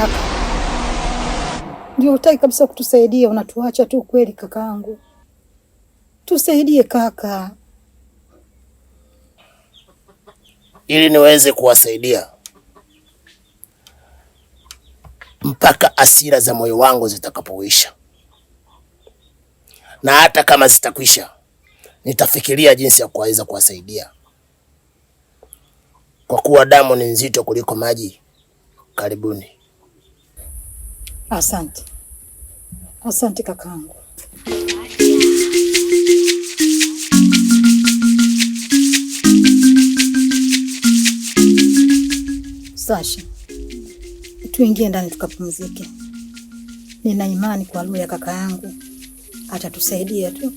kaka, ndio utaki kabisa kutusaidia, unatuacha tu kweli? Kakaangu, tusaidie kaka, ili niweze kuwasaidia mpaka asira za moyo wangu zitakapoisha, na hata kama zitakwisha, nitafikiria jinsi ya kuweza kuwasaidia kwa kuwa damu ni nzito kuliko maji. Karibuni. Asante, asante kakangu. Sasha, tuingie ndani tukapumzike. Nina imani kwa roho ya kaka yangu atatusaidia tu,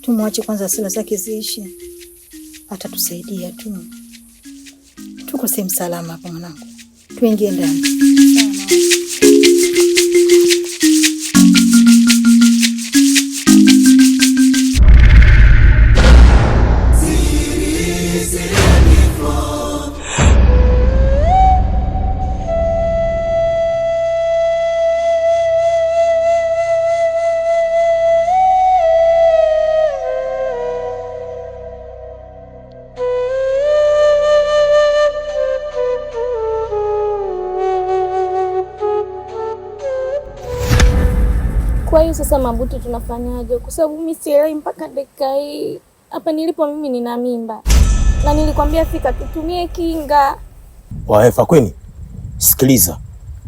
tumwache kwanza sila zake ziishi, atatusaidia tu. Tuko sehemu salama hapa mwanangu, tuingie ndani. Mabuti, tunafanyaje? Kwa sababu mimi sielewi mpaka dakika hii. Hapa nilipo mimi nina mimba na nilikwambia fika tutumie kinga. Waefa kweni, sikiliza,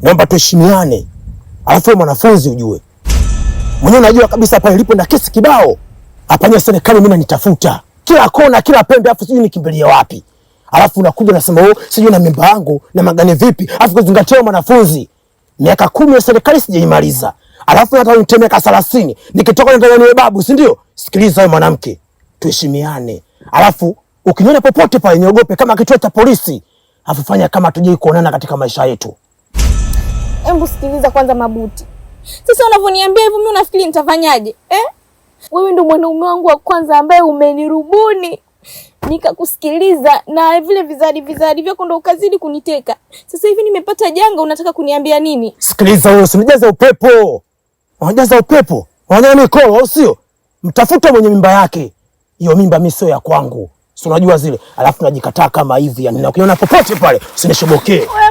naomba tuheshimiane, alafu mwanafunzi ujue mwenyewe, unajua kabisa hapa nilipo na kesi kibao hapa. Nyewe serikali mimi nanitafuta kila kona, kila pembe, alafu sijui nikimbilie wapi, alafu unakuja unasema wewe oh, sijui na mimba yangu na magane vipi, alafu kuzingatia mwanafunzi miaka kumi ya serikali sijaimaliza alafu hata unitemeka thelathini nikitoka nataka niwe babu, si ndio? Sikiliza wewe mwanamke, tuheshimiane, alafu ukiniona popote pale niogope kama kituo cha polisi, alafu fanya kama hatujai kuonana katika maisha yetu. Hebu sikiliza kwanza, Mabuti. Sasa unavyoniambia hivyo, mimi unafikiri nitafanyaje eh? Wewe ndio mwanaume wangu wa kwanza ambaye umenirubuni nikakusikiliza na vile vizadi vizadi vyako ndo ukazidi kuniteka. Sasa hivi nimepata janga, unataka kuniambia nini? Sikiliza wewe, usinijaze upepo wanajaza upepo, wanajaza mikoa, au sio? Mtafuta mwenye mimba yake, hiyo mimba mimi sio ya kwangu, si unajua zile. Alafu najikataa kama hivi, yani nakiona popote pale, usinishobokee wewe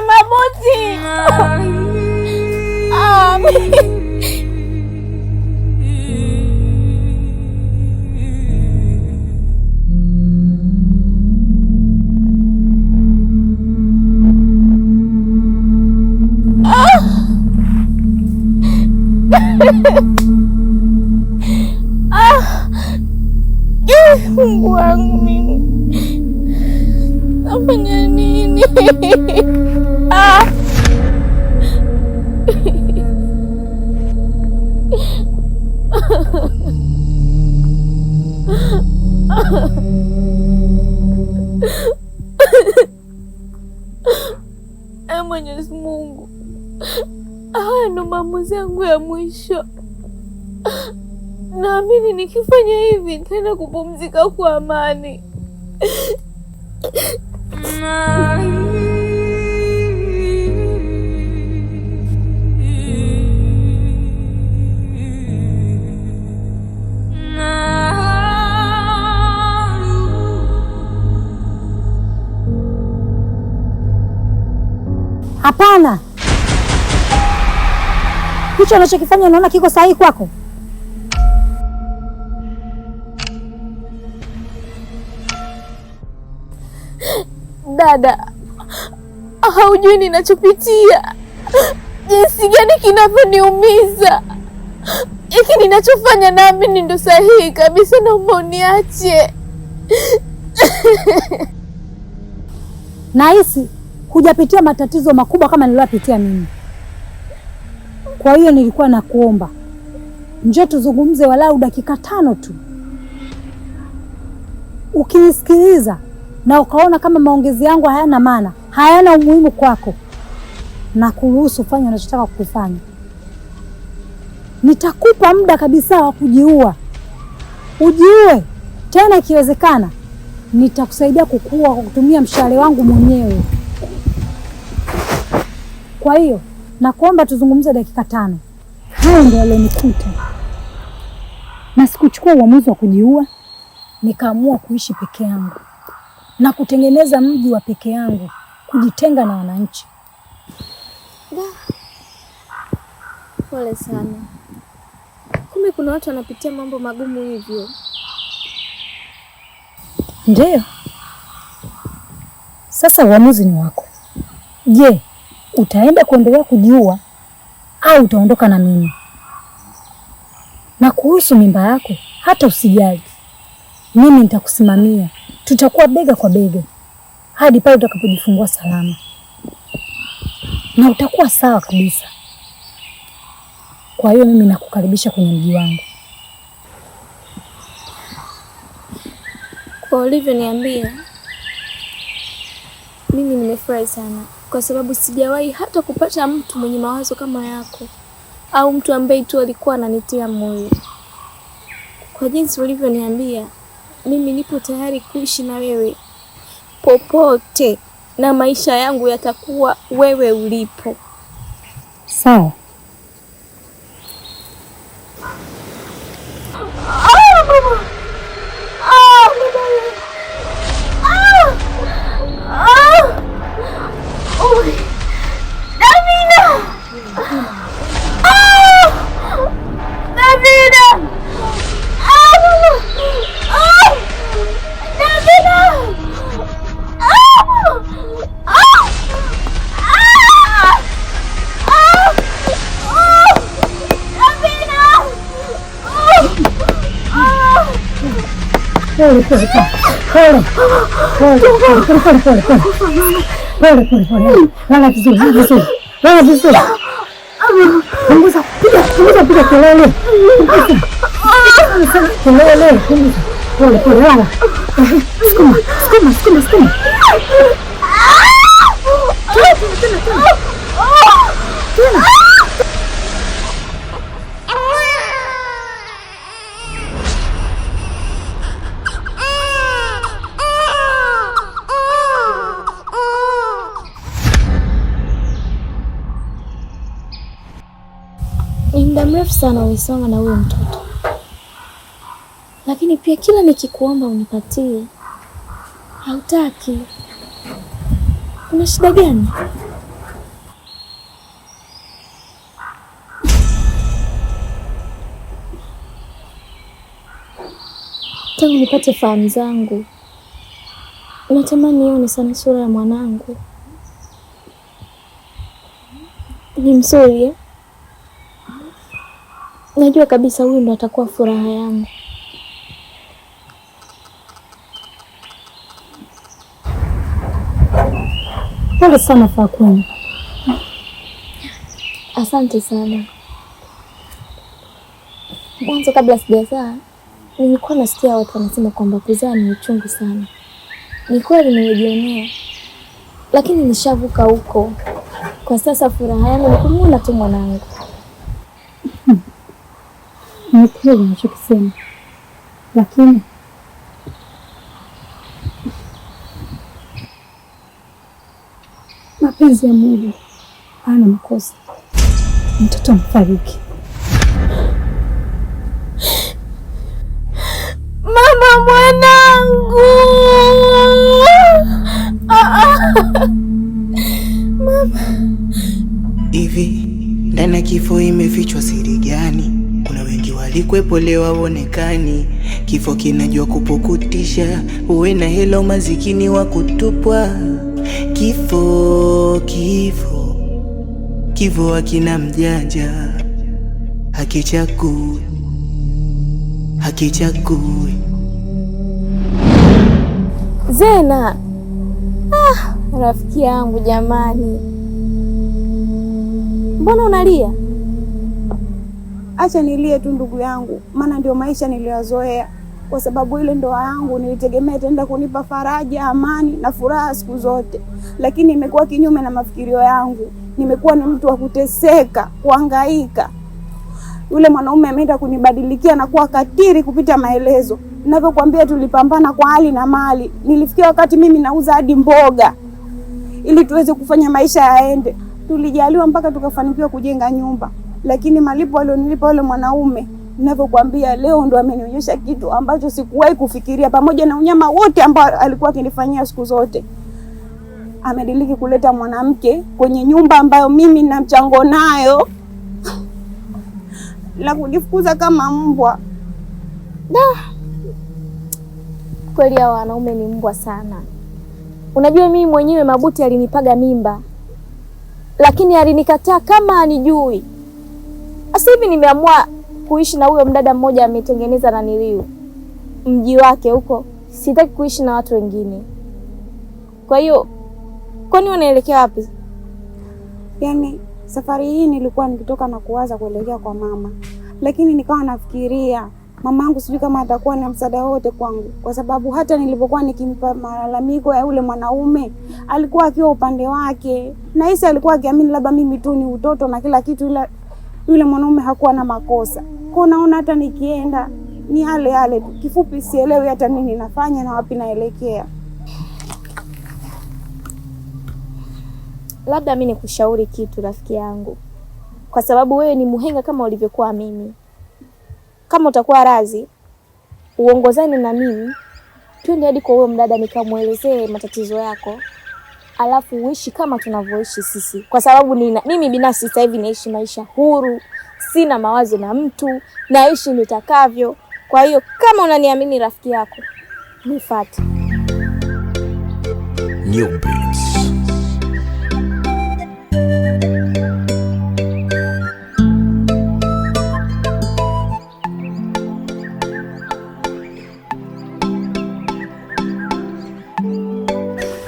mabuti E Mwenyezi Mungu, haya ndo maamuzi yangu ya mwisho. Naamini nikifanya hivi nitaenda kupumzika kwa amani. Hapana, hicho unachokifanya unaona kiko sahihi kwako? Dada, haujui ninachopitia jinsi gani kinavyoniumiza. Hiki ninachofanya naamini ndo sahihi kabisa, naomba uniache. Nahisi hujapitia matatizo makubwa kama niliyopitia mimi. Kwa hiyo nilikuwa nakuomba njoo tuzungumze walau dakika tano tu. Ukinisikiliza na ukaona kama maongezi yangu hayana maana, hayana umuhimu kwako, na kuruhusu fanya unachotaka kufanya, nitakupa muda kabisa wa kujiua. Ujiue tena, ikiwezekana nitakusaidia kukua kwa kutumia mshale wangu mwenyewe. Kwa hiyo nakuomba tuzungumze dakika tano. Hayo ndio yalionikuta, na sikuchukua uamuzi wa kujiua, nikaamua kuishi peke yangu na kutengeneza mji wa peke yangu, kujitenga na wananchi. Pole sana. Kumbe kuna watu wanapitia mambo magumu hivyo. Ndiyo. Sasa uamuzi ni wako. Je, utaenda kuendelea kujiua au utaondoka na mimi. Na kuhusu mimba yako, hata usijali, mimi nitakusimamia, tutakuwa bega kwa bega hadi pale utakapojifungua salama, na utakuwa sawa kabisa. Kwa hiyo mimi nakukaribisha kwenye mji wangu. Kwa ulivyoniambia, mimi nimefurahi sana kwa sababu sijawahi hata kupata mtu mwenye mawazo kama yako au mtu ambaye tu alikuwa ananitia moyo. Kwa jinsi ulivyoniambia, mimi nipo tayari kuishi na wewe popote, na maisha yangu yatakuwa wewe ulipo. Sawa. Pera, pera, pera. Pera. Pera, pera, pera, pera. Pera, pera, pera. Vai lá, Bizu, vai, Bizu. Vai lá, Bizu. Vamos lá, pega, vamos lá, pega, pega, olha. Pega, olha, vamos lá. Olha, pera, olha. Escuma, escuma, escuma, escuma. Tena, tena, tena. Tena. mrefu sana ulisoma na huyo mtoto, lakini pia kila nikikuomba unipatie hautaki. Kuna shida gani? Tangu nipate fahamu zangu natamani ione sana sura ya mwanangu. Ni mzuri eh? Najua kabisa huyu ndo atakuwa furaha yangu. Pole sana Fakuma. Asante sana. Mwanzo kabla sijazaa nilikuwa nasikia watu wanasema kwamba kuzaa ni uchungu sana. Ni kweli nimejionea, lakini nishavuka huko. Kwa sasa furaha yangu ni kumuona tu mwanangu kweli unachokisema, lakini mapenzi ya Mungu ana makosa. Mtoto amefariki. Mama mwanangu, ah, ah. Hivi ndani ya kifo imefichwa siri gani? alikwepo leo wawonekani, kifo kinajua kupukutisha. Uwe na hela umazikini wa kutupwa. Kifo, kifo, kifo akina mjanja, hakichagui, hakichagui. Zena, ah, rafiki yangu jamani, mbona unalia? acha nilie tu ndugu yangu, maana ndio maisha niliyozoea, kwa sababu ile ndoa yangu nilitegemea itaenda kunipa faraja, amani na furaha siku zote, lakini imekuwa kinyume na mafikirio yangu. Nimekuwa ni mtu wa kuteseka, kuhangaika. Yule mwanaume ameenda kunibadilikia na kuwa katiri kupita maelezo. Ninavyokuambia, tulipambana kwa hali na mali, nilifikia wakati mimi nauza hadi mboga ili tuweze kufanya maisha yaende. Tulijaliwa mpaka tukafanikiwa kujenga nyumba lakini malipo alionilipa yule mwanaume ninavyokuambia leo ndo amenionyesha kitu ambacho sikuwahi kufikiria, pamoja na unyama wote ambao alikuwa akinifanyia siku zote. Amediliki kuleta mwanamke kwenye nyumba ambayo mimi na mchango nayo la kujifukuza kama mbwa. Kweli hao wanaume ni mbwa sana. Unajua, mimi mwenyewe Mabuti alinipaga mimba, lakini alinikataa kama anijui sasa hivi nimeamua kuishi na huyo mdada mmoja ametengeneza na niliu mji wake huko, sitaki kuishi na watu wengine. Kwa hiyo kwani unaelekea wapi? Yaani safari hii nilikuwa nikitoka na kuwaza kuelekea kwa mama, lakini nikawa nafikiria mamangu, sijui kama atakuwa na msaada wote kwangu, kwa sababu hata nilipokuwa nikimpa malalamiko ya yule mwanaume alikuwa akiwa upande wake, na hisi alikuwa akiamini labda mimi tu ni utoto na kila kitu, ila yule mwanaume hakuwa na makosa. Kwa naona hata nikienda ni hale hale tu. Kifupi sielewi hata nini nafanya na wapi naelekea. Labda mi nikushauri kitu rafiki yangu, kwa sababu wewe ni muhenga kama ulivyokuwa mimi. Kama utakuwa razi, uongozane na mimi, twende hadi kwa huyo mdada nikamwelezee matatizo yako alafu uishi kama tunavyoishi sisi, kwa sababu nina, mimi binafsi sasa hivi naishi maisha huru, sina mawazo na mtu, naishi nitakavyo. Kwa hiyo kama unaniamini rafiki yako, nifuate. New Beats.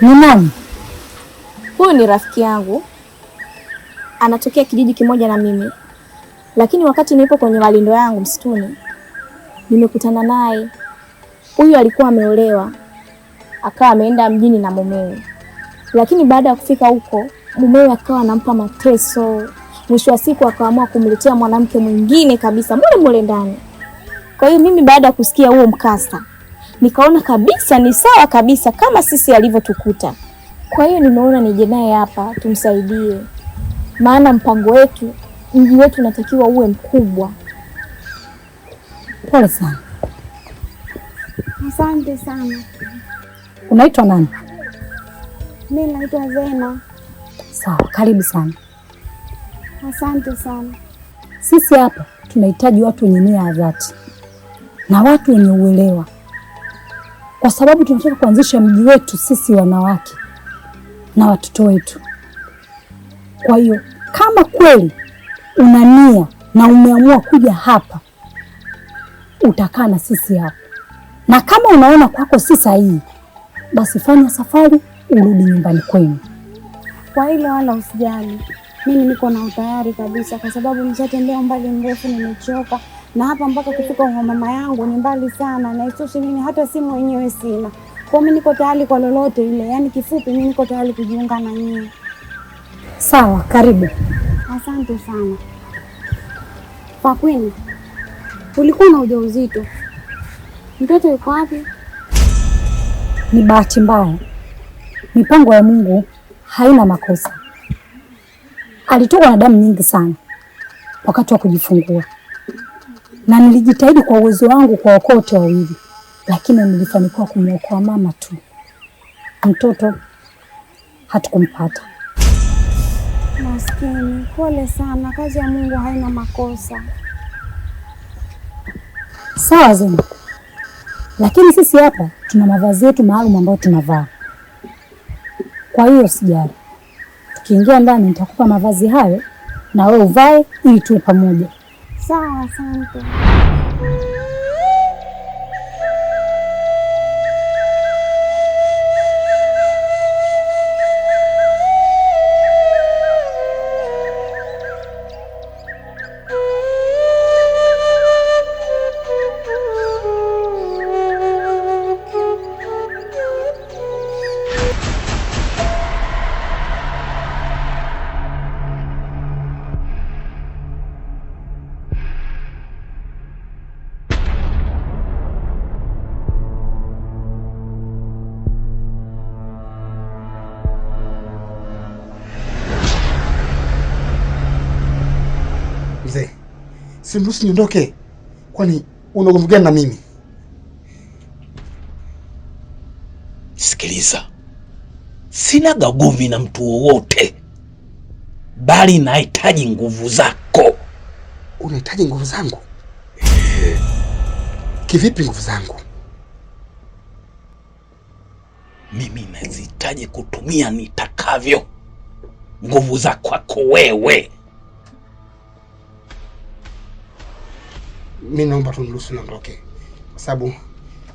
Mama ni rafiki yangu, anatokea kijiji kimoja na mimi, lakini wakati nipo kwenye malindo yangu msituni nimekutana naye. Huyu alikuwa ameolewa akawa ameenda mjini na mumewe, lakini baada ya kufika huko mumewe akawa anampa mateso. Mwisho wa siku akaamua kumletea mwanamke mwingine kabisa mule mule ndani. Kwa hiyo mimi baada ya kusikia huo mkasa nikaona kabisa ni sawa kabisa kama sisi alivyotukuta. Kwa hiyo nimeona nije naye hapa tumsaidie, maana mpango wetu, mji wetu unatakiwa uwe mkubwa. Pole sana. Asante sana. Unaitwa nani? Mimi naitwa Zena. Sawa, karibu sana. Asante sana. Sisi hapa tunahitaji watu wenye nia ya dhati na watu wenye uelewa, kwa sababu tunataka kuanzisha mji wetu sisi wanawake na watoto wetu. Kwa hiyo kama kweli una nia na umeamua kuja hapa, utakaa na sisi hapa, na kama unaona kwako si sahihi, basi fanya safari urudi nyumbani kwenu. Kwa hilo wala usijali, mimi niko na utayari kabisa, kwa sababu nishatembea mbali mrefu, nimechoka na hapa mpaka kufika kwa mama yangu ni mbali sana, na isitoshe mimi hata simu yenyewe sina. Kwa mimi niko tayari kwa lolote ile, yaani kifupi, mimi niko tayari kujiunga na nyinyi. Sawa, karibu. Asante sana. Pakwini, ulikuwa na ujauzito, mtoto yuko wapi? Ni bahati mbaya, mipango ya Mungu haina makosa. Alitokwa na damu nyingi sana wakati wa kujifungua, na nilijitahidi kwa uwezo wangu kwa wakoote wawili lakini nilifanikiwa kumwokoa mama tu, mtoto hatukumpata. Maskini, pole sana, kazi ya Mungu haina makosa. Sawa Zena, lakini sisi hapa tuna mavazi yetu maalum ambayo tunavaa. Kwa hiyo sijali, tukiingia ndani nitakupa mavazi hayo na wewe uvae ili tuwe pamoja. Sawa, asante. Simruhusu niondoke. Kwani una ugomvi gani na mimi? Sikiliza, sina gagomvi na mtu wowote, bali nahitaji nguvu zako. Unahitaji nguvu zangu? Kivipi nguvu zangu? Mimi nazihitaji kutumia nitakavyo nguvu zako wewe. mi naomba tuniruhusu niondoke, kwa sababu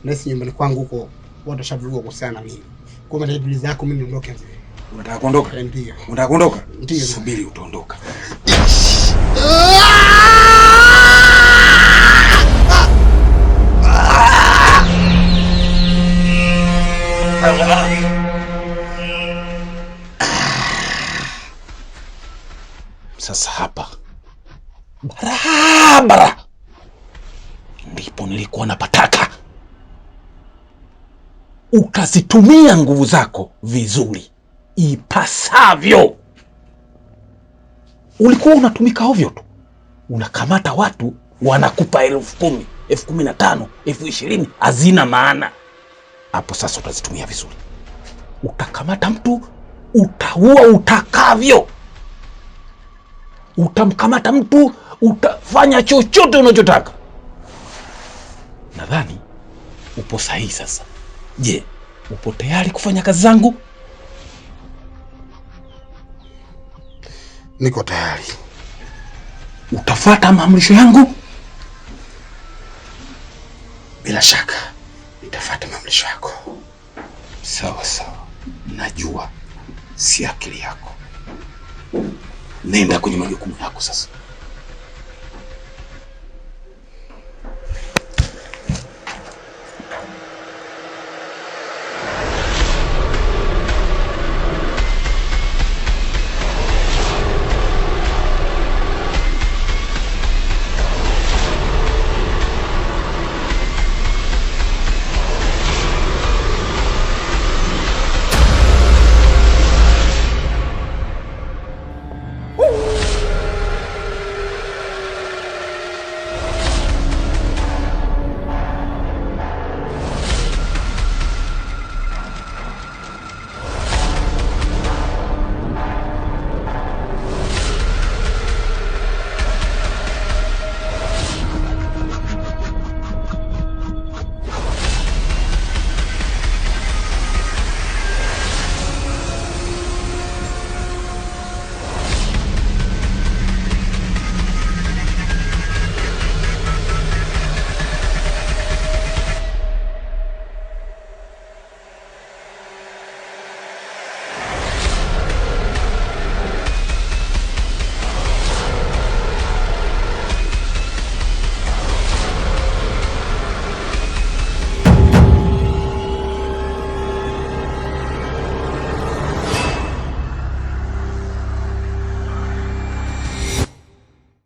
nasi nyumbani kwangu huko watu washavuruga kwa sana mimi. Kwa hiyo dalili zako mimi niondoke. Unataka kuondoka? Eh, ndio. Unataka kuondoka? Ndio. Subiri utaondoka. Sasa hapa barabara nilikuwa napataka, ukazitumia nguvu zako vizuri ipasavyo. Ulikuwa unatumika ovyo tu, unakamata watu wanakupa elfu kumi elfu kumi na tano elfu ishirini hazina maana hapo. Sasa utazitumia vizuri, utakamata mtu utaua utakavyo, utamkamata mtu utafanya chochote unachotaka nadhani upo sahihi. Sasa je, upo tayari kufanya kazi zangu? Niko tayari. utafata maamrisho yangu? Bila shaka nitafuata maamrisho yako. Sawa sawa, najua si akili yako. Nenda kwenye majukumu yako sasa.